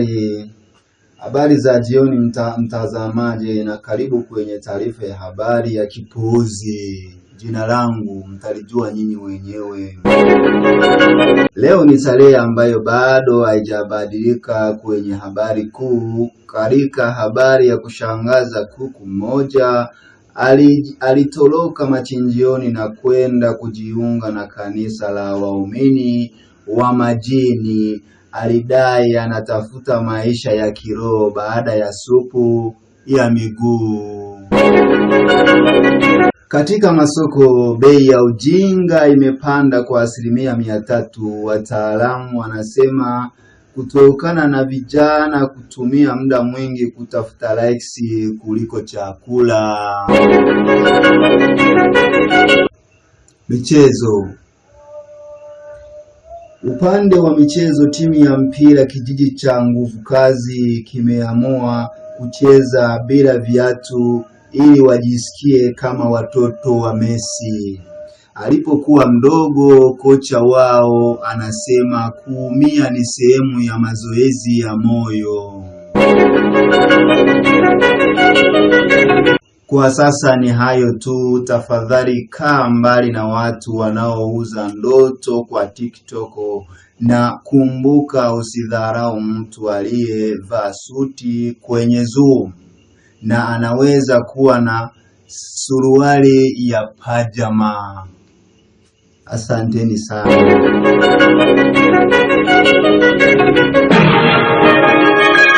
Habari, habari za jioni mta, mtazamaji, na karibu kwenye taarifa ya habari ya kipuuzi. Jina langu mtalijua nyinyi wenyewe. Leo ni tarehe ambayo bado haijabadilika kwenye habari kuu. Katika habari ya kushangaza, kuku mmoja alitoroka machinjioni na kwenda kujiunga na kanisa la waumini wa majini alidai anatafuta maisha ya kiroho baada ya supu ya miguu. Katika masoko bei ya ujinga imepanda kwa asilimia mia tatu. Wataalamu wanasema kutokana na vijana kutumia muda mwingi kutafuta likes kuliko chakula. Michezo. Upande wa michezo, timu ya mpira kijiji cha nguvu kazi kimeamua kucheza bila viatu ili wajisikie kama watoto wa Messi. Alipokuwa mdogo, kocha wao anasema kuumia ni sehemu ya mazoezi ya moyo. Kwa sasa ni hayo tu. Tafadhali kaa mbali na watu wanaouza ndoto kwa TikTok, na kumbuka, usidharau mtu aliyevaa suti kwenye Zoom na anaweza kuwa na suruali ya pajama. Asanteni sana.